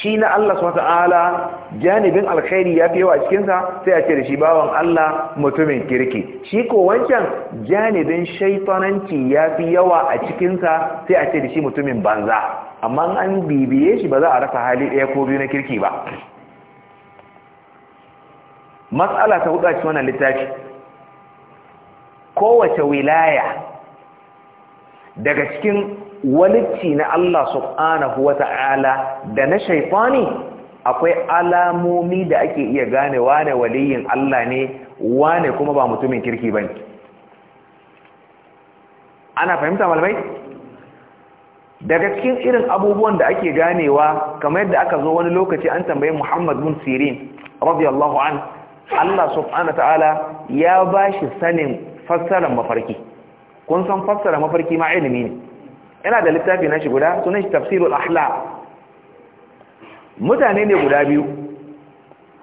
shi na Allah su wata'ala janibin alkhairi ya fi yawa cikinsa sai a ce da shi bawan Allah mutumin kirki shi ko wancan janibin shaitananci ya fi yawa a cikinsa sai a ce da shi mutumin banza amma an bibiye shi ba za a rasa hali ɗaya ko biyu na kirki ba matsala ta hudu a cikin wannan littafi kowace wilaya daga cikin walitti na Allah subhanahu wata'ala da na shaifani akwai alamomi da ake iya gane wane waliyin Allah ne wane kuma ba mutumin kirki ba ana fahimta malamai daga cikin irin abubuwan da ake ganewa kamar yadda aka zo wani lokaci an tambayi Muhammad bin Sirin radiyallahu an Allah subhanahu ta'ala ya bashi sanin fassarar mafarki kun san fassara mafarki ma ilimi ne yana da littafi na shi guda sunan shi tafsirul ahla mutane ne guda biyu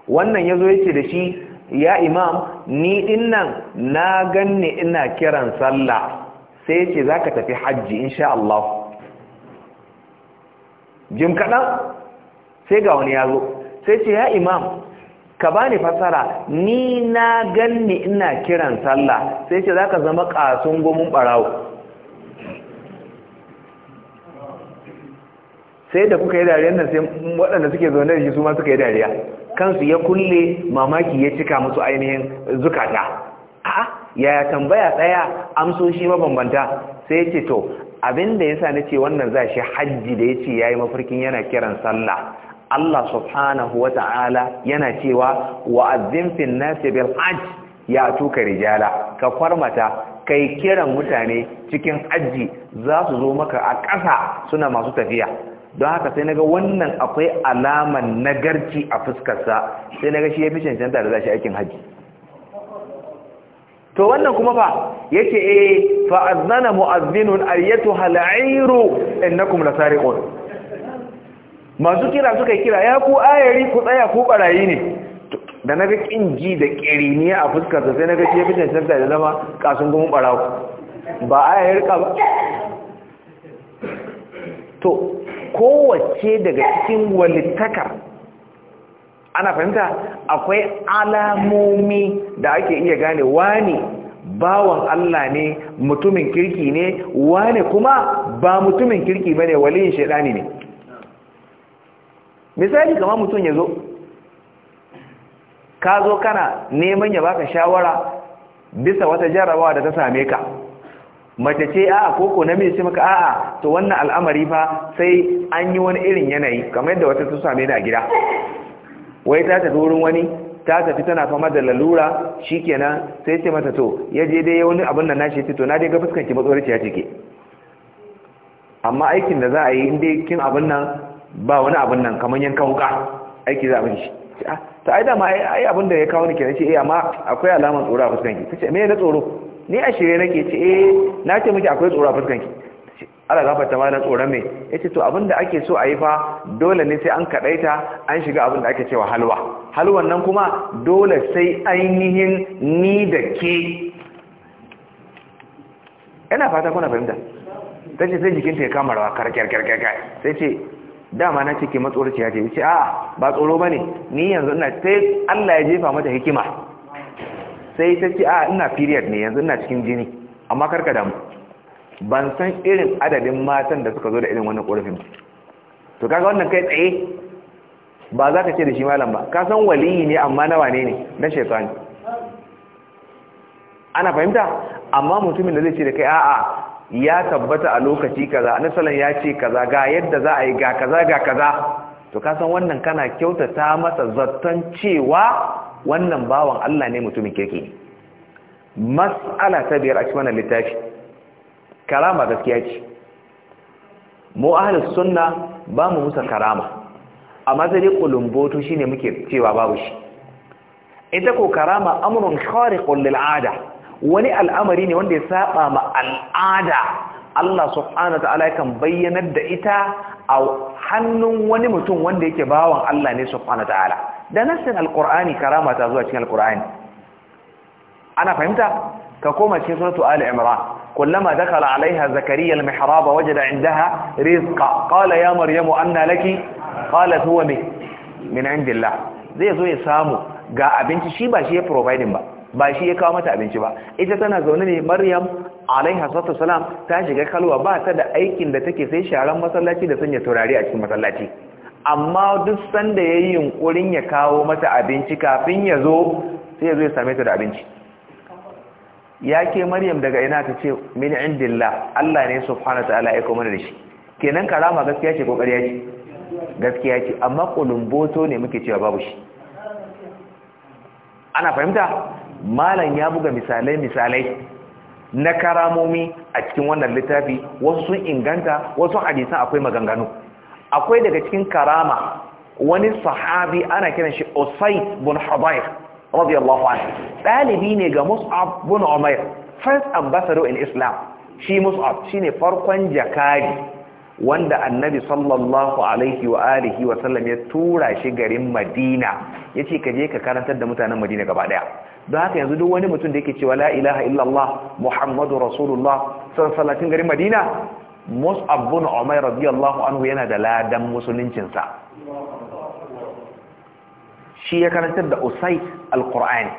wannan yazo yace da shi ya imam ni dinnan na ganni ina kiran sallah sai yace zaka tafi hajji insha Allah jim kaɗan sai ga wani yazo sai ce ya imam ka bani fasara ni na ganni ina kiran sallah sai ce za ka zama ƙasun gomun ɓarawo. sai da kuka yi dariya nan sai waɗanda suke zaune da shi su ma suka yi dariya kansu ya kulle mamaki ya cika musu ainihin zukata a yaya tambaya tsaya amsoshi mabambanta sai ce to abinda ya sa na ce wannan za shi hajji da ya ce ya yi mafarkin yana kiran sallah Allah subhanahu wa ta'ala yana cewa wa'azzin fil nasi bil hajj ya tuka rijala ka farmata kai kiran mutane cikin hajji za su zo maka a ƙasa suna masu tafiya don haka sai naga wannan akwai alaman nagarci a fuskarsa sai naga shi ya fi cancanta da za shi aikin hajji. to wannan kuma fa yace eh fa azana mu'azzinun ayyatuha al'airu innakum lasariqun masu kira suka kira ya ku ayari ku tsaya ku barayi ne da naga ga da kiriniya a fuskar sai naga shi fitin sanda da zama kasun gumu barawo ba ayari ka ba to kowace daga cikin walittakar ana fahimta akwai alamomi da ake iya gane wani bawan Allah ne mutumin kirki ne wani kuma ba mutumin kirki ne waliyin shaidani ne misali kamar mutum ya zo ka zo kana neman ya baka shawara bisa wata jarabawa da ta same ka mace ce a'a koko namiji ce maka a'a to wannan al'amari fa sai an yi wani irin yanayi kamar yadda wata ta same da gida wai ta tafi wurin wani ta tafi tana fama da lalura Shi shikenan sai ce mata to ya je dai wani abin nan nashi to na dai ga fuskanki ki matsoriciya cike amma aikin da za a yi in dai kin abin nan ba wani abin nan kamar yankan wuka aiki za a shi ah, ta ai A ai abin da ya kawo ni kenan ce eh amma akwai alamar tsoro a fuskanki. Ta ce me na tsoro ni a shirye nake ce eh na ce miki akwai tsoro a fuskanki ki ala gafarta ma na tsoron me yace to abin da ake so a yi fa dole ne sai an kadaita an shiga abin da ake cewa halwa halwan nan kuma dole sai ainihin ni da ke ina fata kuna fahimta tace sai jikinta ya kama rawa karkar karkar sai ce dama na cike matsoraciya ce ce a ba tsoro ba ne ni yanzu ina sai Allah ya jefa mata hikima sai ta ce a ina period ne yanzu ina cikin jini amma karka damu ban san irin adadin matan da suka zo da irin wannan ba to kaga wannan kai tsaye ba za ka ce da shi malam ba ka san waliyi ne amma nawa ne ne na shekaru ana fahimta amma mutumin da zai ce da kai a'a ya tabbata a lokaci kaza annabi ya ce kaza ga yadda za a yi ga kaza ga kaza to ka san wannan kana kyautata masa zaton cewa wannan bawan Allah ne mutumin kirki mas'ala ta biyar a cikin wannan littafi karama gaskiya ce mu ahlus sunna ba mu musa karama amma sai dai kulumboto shine muke cewa babu shi ita ko karama amrun khariqun lil ada wani al'amari ne wanda ya saba ma al'ada Allah subhanahu wa ta'ala kan bayyanar da ita a hannun wani mutum wanda yake bawan Allah ne subhanahu wa ta'ala da nassin karama ta zuwa cikin alqur'ani ana fahimta ka koma cikin suratu ali imran كلما دخل عليها زكريا المحراب وجد عندها indaha قال Qala ya أنى لك قالت هو من Min عند الله zai zo ya samu ga abinci shi ba shi ya providing ba ba shi ya kawo mata abinci ba ita tana zaune ne Maryam alaiha sattu salam ta shiga kalwa ba ta da aikin da take sai sharan masallaci da sanya turare a cikin masallaci amma duk sanda ya yi yunkurin ya kawo mata abinci kafin ya zo sai ya zo ya same ta da abinci ya ke maryam daga ina ta ce min indillah Allah ne subhanahu ta'ala ya kuma da shi kenan karama gaskiya ce kokari ya ce gaskiya ce amma kulumboto ne muke cewa babu shi ana fahimta malam ya buga misalai misalai na karamomi a cikin wannan littafi wasu sun inganta wasu hadisan akwai maganganu akwai daga cikin karama wani sahabi ana kiran shi Usayd bin Hudayr radiyallahu anhu dalibi ne ga Mus'ab bin Umair first ambassador in Islam shi Mus'ab shine farkon jakari wanda Annabi sallallahu alaihi wa alihi wa sallam ya tura shi garin Madina yace ka je ka karantar da mutanen Madina gaba daya don haka yanzu duk wani mutum da yake cewa la ilaha illallah muhammadu rasulullah sallatin garin madina mus'ab bin umair radiyallahu anhu yana da ladan musuluncinsa shi ya karantar da usai alqur'ani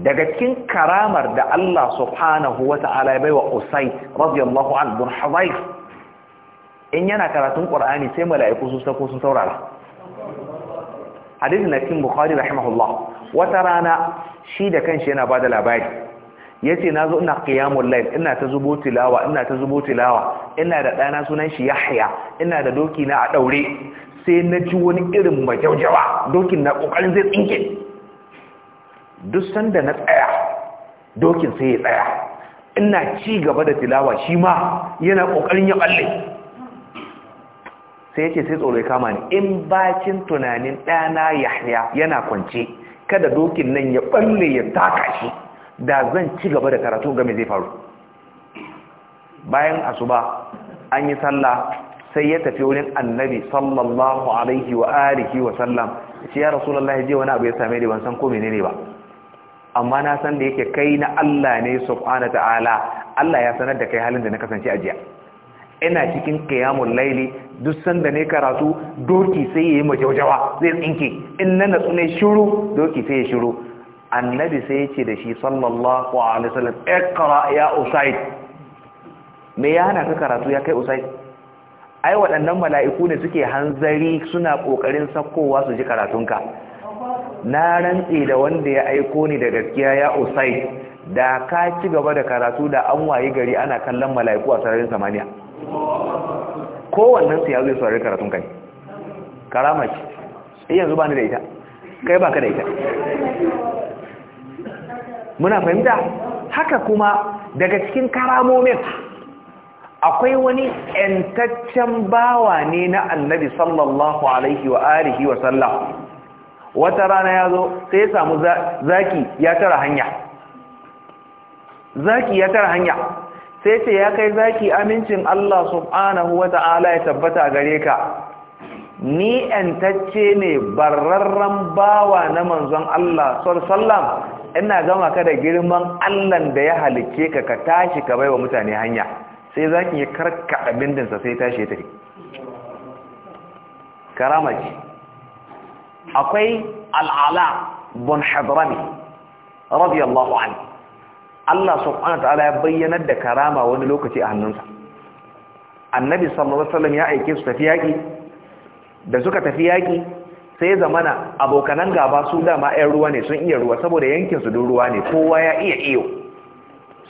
daga cikin karamar da Allah subhanahu wata'ala ya baiwa usai radiyallahu anhu bin hudayr in yana karatun qur'ani sai mala'iku su sako su saurara hadisi na cikin bukhari rahimahullah wata rana shi da kanshi yana bada labari yace nazo ina qiyamul layl ina ta zubo tilawa ina ta zubo tilawa ina da ɗana sunan shi Yahya ina da doki na a daure sai na ci wani irin majaujawa dokin na kokarin zai tsinke duk sanda na tsaya dokin sai ya tsaya ina ci gaba da tilawa shi ma yana kokarin ya balle sai yace sai tsoro ya kama ni in bacin tunanin ɗana Yahya yana kwance kada dokin nan ya balle ya taka shi da zan ci gaba da karatu game zai faru bayan asuba an yi sallah sai ya tafi wurin annabi sallallahu alaihi wa alihi wa sallam shi ya ya je wani abu ya same ni ban san ko menene ba amma na san da yake kai na Allah ne subhanahu ta'ala Allah ya sanar da kai halin da na kasance a jiya ina cikin kayamun laili duk sanda ne karatu doki sai yayi majaujawa zai tsinke in na natsu ne shiru doki sai ya shiru annabi sai ya ce da shi sallallahu alaihi wasallam iqra ya usaid me ya hana ka karatu ya kai usaid ai waɗannan mala'iku ne suke hanzari suna kokarin sakkowa su ji karatunka na rantse da wanda ya aiko ni da gaskiya ya usaid da ka ci gaba da karatu da an wayi gari ana kallon mala'iku a sararin samaniya Kowannan su ya su saurari karatun kai karama ce eh yanzu ba ni da ita kai ba ka da ita muna fahimta haka kuma daga cikin karamomin akwai wani ‘yantaccen bawa ne na annabi sallallahu alaihi wa alihi wa sallam wata rana ya zo sai ya samu zaki ya tara hanya zaki ya tara hanya sai ce ya kai zaki amincin Allah subhanahu wa ta'ala ya tabbata gare ka ni ‘yantacce ne bararren bawa na manzon Allah sallallahu ina gama ka da girman allah da ya halicce ka ka tashi ka baiwa mutane hanya sai zaki ya karkaɗa sa sai tashi ya tafi karamaci akwai al'ala bun hadrami radiyallahu anhu Allah subhanahu ta'ala ya bayyanar da karama wani lokaci a hannunsa annabi sallallahu alaihi wasallam ya aike su tafi yaki da suka tafi yaki sai zamana abokanan gaba su dama ƴan ruwa ne sun iya ruwa saboda yankin su duk ruwa ne kowa ya iya iyo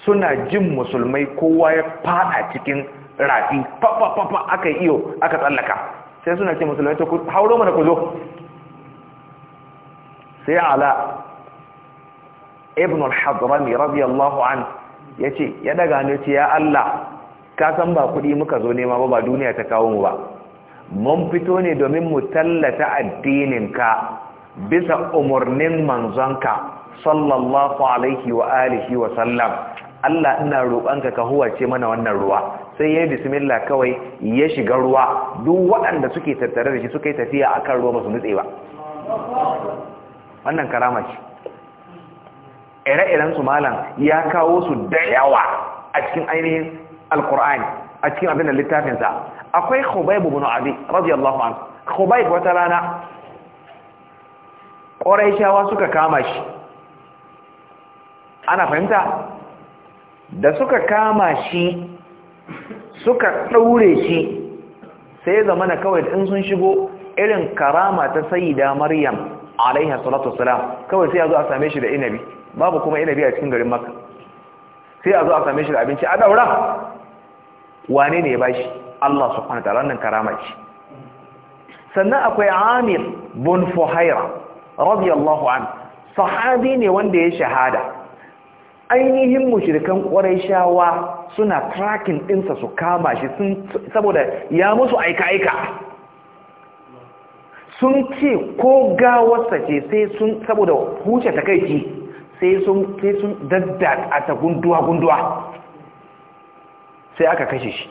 suna jin musulmai kowa ya fada cikin rafi papa aka iyo aka tsallaka sai suna ce musulmai ta hauro mana ku zo sai ala ibn al-hadrami radiyallahu an yace ya daga hannu ce ya Allah ka san ba kuɗi muka zo nema ba ba duniya ta kawo mu ba mun fito ne domin mu tallata addinin ka bisa umarnin manzonka sallallahu alaihi wa alihi wa sallam Allah ina roƙonka ka huwace mana wannan ruwa sai yayi bismillah kawai ya shiga ruwa duk waɗanda suke tattare da shi suka yi tafiya akan ruwa ba su nutse ba wannan karama ce ire-iren su malam ya kawo su da yawa a cikin ainihin alkur'ani a cikin abin da littafinsa akwai khubayb ibn abi radiyallahu anhu khubayb wata rana quraishawa suka kama shi ana fahimta da suka kama shi suka ɗaure shi sai zamana kawai in sun shigo irin karama ta sayida maryam alaiha salatu wassalam kawai sai ya zo a same shi da inabi babu kuma inabi a cikin garin maka sai a zo a same shi da abinci a daura wane ne ya bashi Allah su wa ta'ala karama ce sannan akwai Amir bin Fuhaira radiyallahu an sahabi ne wanda ya shahada ainihin mushrikan shawa suna tracking dinsa su kama shi saboda ya musu aika-aika sun ce ko gawarsa ce sai sun saboda huce takaici sai sun sai sun gunduwa gunduwa sai aka kashe shi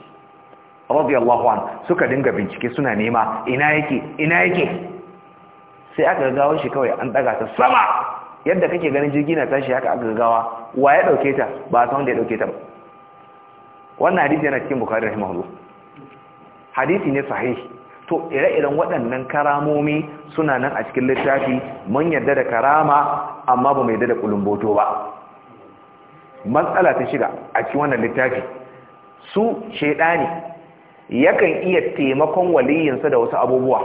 radiyallahu an suka dinga bincike suna nema ina yake ina yake sai aka gawar shi kawai an daga ta sama yadda kake ganin jirgi na tashi haka aka gawa wa ya dauke ta ba san wanda ya dauke ta ba wannan hadisi yana cikin bukhari rahimahullah hadisi ne sahih to ire-iren waɗannan karamomi suna nan a cikin littafi mun yarda da karama amma ba mai da kulumboto ba matsala ta shiga a cikin wannan littafi su shaidani yakan iya taimakon waliyinsa da wasu abubuwa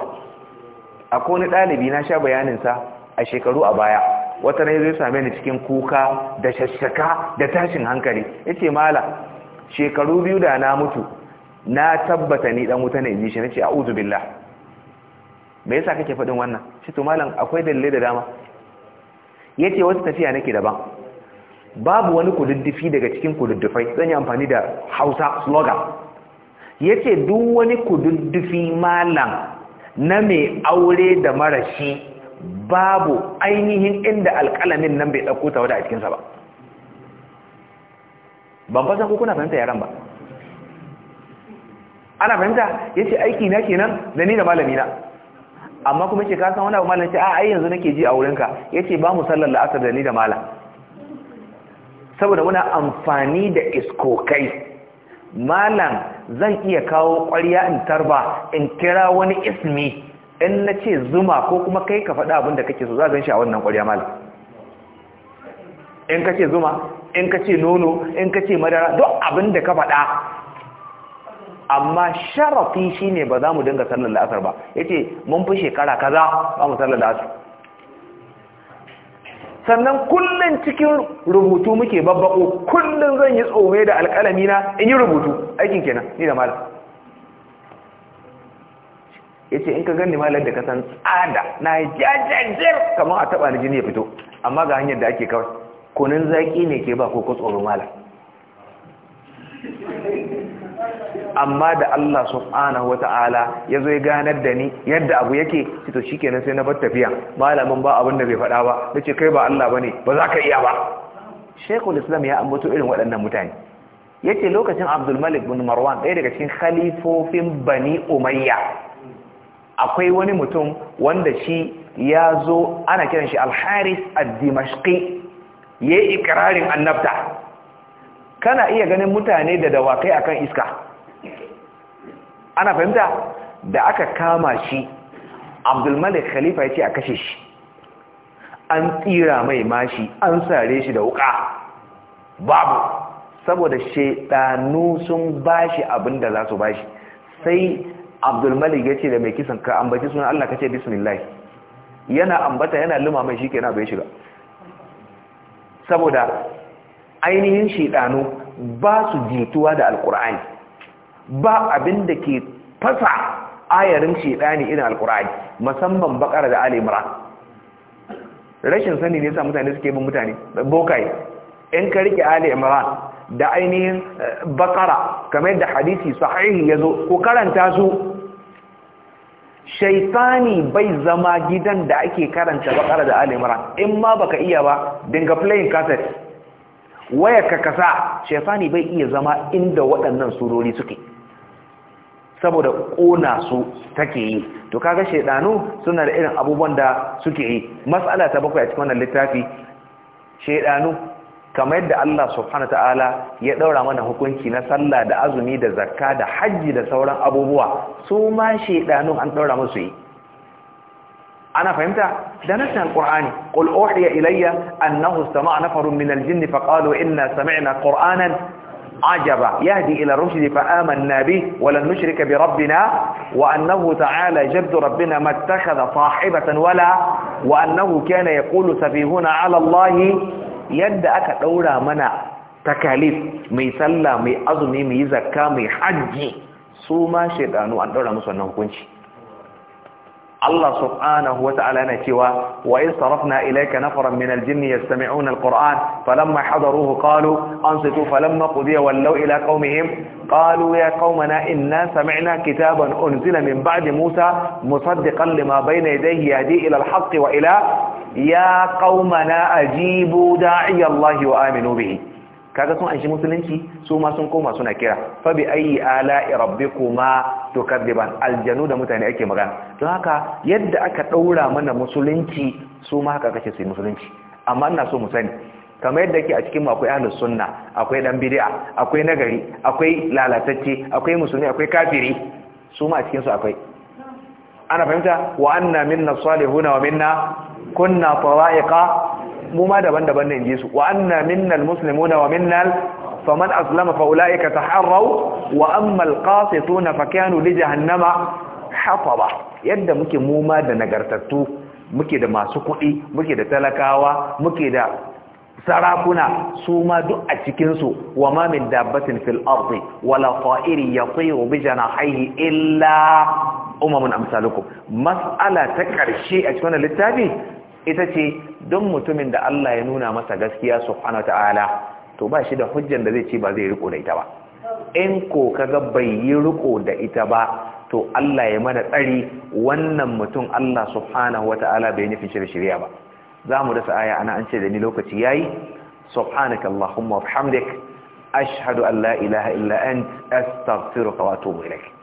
akwai wani ɗalibi na sha bayaninsa a shekaru a baya wata ne zai same ni cikin kuka da shashaka da tashin hankali ya ce mala shekaru biyu da na mutu na tabbata ni dan wuta ne ji shi na ce a me yasa kake faɗin wannan shi to malam akwai dalilai da dama ya ce wasu tafiya nake daban babu wani kududdufi daga cikin kududdufai zan yi amfani da hausa slogan ya ce duk wani kududdufi malam na mai aure da marashi babu ainihin inda alkalamin nan bai ɗauko ta wada a cikinsa ba ban fasa kuna fahimta yaran ba ana fahimta ya ce aiki na kenan da ni da malami na. amma kuma ce ka san wani abu malam ce a ai yanzu nake ji a wurinka yace ba mu sallar la'asar da ni da malam saboda muna amfani da iskokai malam zan iya kawo ƙwarya in tarba in kira wani ismi in na ce zuma ko kuma kai ka faɗa abin da kake so za gan shi a wannan ƙwarya malam in ka ce zuma in ka ce nono in ka ce madara don abin da ka faɗa amma sharafi shine ba za mu dinga sallar la'asar ba yace mun fi shekara kaza ba mu sallar la'asar sannan kullum cikin rubutu muke babbako kullum zan yi tsome da alƙalami na in yi rubutu aikin kenan ni da malam yace in ka ganni malam da ka san tsada na jajajir kamar a taɓa na jini ya fito amma ga hanyar da ake kawai kunun zaƙi ne ke ba ko ko tsoro malam amma da Allah subhanahu wata'ala ya zo ya ganar da ni yadda abu yake fito shi kenan sai na bar tafiya malamin ba abin da bai faɗa ba nace kai ba Allah bane ba za ka iya ba shekul Islam ya ambato irin waɗannan mutane yace lokacin Abdul bin Marwan ɗaya daga cikin khalifofin Bani Umayya akwai wani mutum wanda shi ya zo ana kiran shi Alharis haris ad-Dimashqi yayi ikirarin annabta kana iya ganin mutane da dawakai akan iska ana fahimta da aka kama shi abdulmalik khalifa ya ce a kashe shi an tsira mai mashi an sare shi da wuka babu saboda shaidanu sun bashi abin da za su bashi sai abdulmalik ya ce da mai kisan ka ambaci suna allah ka ce bismillah yana ambata yana luma mai shi kenan bai shiga saboda ainihin shaidanu ba su jituwa da alkur'ani ba abin da ke fasa ayarin shedani irin alkur'ani musamman bakara da alimura rashin sani ne yasa mutane suke bin mutane bokai in ka rike alimura da ainihin eh, baƙara kamar da hadisi su ya zo, ko karanta su shaitani bai zama gidan da ake karanta bakara da alimura in ma baka iya ba dinga playing cassette waya ka kasa shaitani bai iya zama inda waɗannan surori suke saboda ƙona su take yi to kaga shaidanu suna da irin abubuwan da suke yi mas'ala ta bakwai a cikin wannan littafi shaidanu kamar yadda Allah subhanahu ta'ala ya daura mana hukunci na sallah da azumi da zakka da hajji da sauran abubuwa su ma shaidanu an daura musu yi ana fahimta da nasan alqur'ani qul uhiya ilayya annahu sama'a nafarun min aljinn faqalu inna sami'na qur'anan عجبا يهدي إلى الرشد فآمنا به ولن نشرك بربنا وأنه تعالى جد ربنا ما اتخذ صاحبة ولا وأنه كان يقول سفيهنا على الله يد أكا دورا منا تكاليف مي سلا مي أظني مي زكا مي حج سوما شيطانو أن دورا مسوانا هكونشي Allah subhanahu wa ta'ala yana cewa wa in sarafna ilayka nafaran min al-jinn yastami'una al-Qur'an falamma hadaruhu qalu ansitu falamma qudiya wallaw ila qaumihim qalu ya qaumana inna sami'na kitaban unzila min ba'di Musa musaddiqan lima bayna yadayhi yahdi ila al wa ila ya qaumana ajibu da'iya Allah wa aminu bihi kaga sun anshi musulunci su ma sun koma suna kira fa bi ayi ala'i rabbikuma To ba aljanu da mutane ake magana don haka yadda aka daura mana musulunci su ma haka kace su musulunci amma ina so mu sani kamar yadda ke a cikin mu akwai ahlus sunna akwai dan bid'a akwai nagari akwai lalatacce akwai musulmi akwai kafiri su ma a cikin su akwai ana fahimta wa anna minna salihuna wa minna kunna tawaiqa mu ma daban-daban ne inji su wa anna minnal muslimuna wa minnal faman aslama fa ulaika taharraw wa amma alqasituna fa kanu li jahannama hataba yadda muke muma da nagartattu muke da masu kuɗi muke da talakawa muke da sarakuna su ma duk a cikinsu wa ma min dabbatin fil ardi wala ta'iri yatiru bi janahihi illa umamun amsalukum mas'ala ta karshe a cikin littafi ita ce don mutumin da Allah ya nuna masa gaskiya subhanahu ta'ala to ba shi da hujjan da zai ce ba zai riko da ita ba in ko kaga bai yi riko da ita ba to Allah ya mana tsari wannan mutum Allah subhanahu wata'ala bai nufin shirye shirya ba za mu dasa aya ana an ce da ni lokaci yayi subhanaka allahumma wa bihamdik ashhadu an la ilaha illa ant astaghfiruka wa atubu ilaik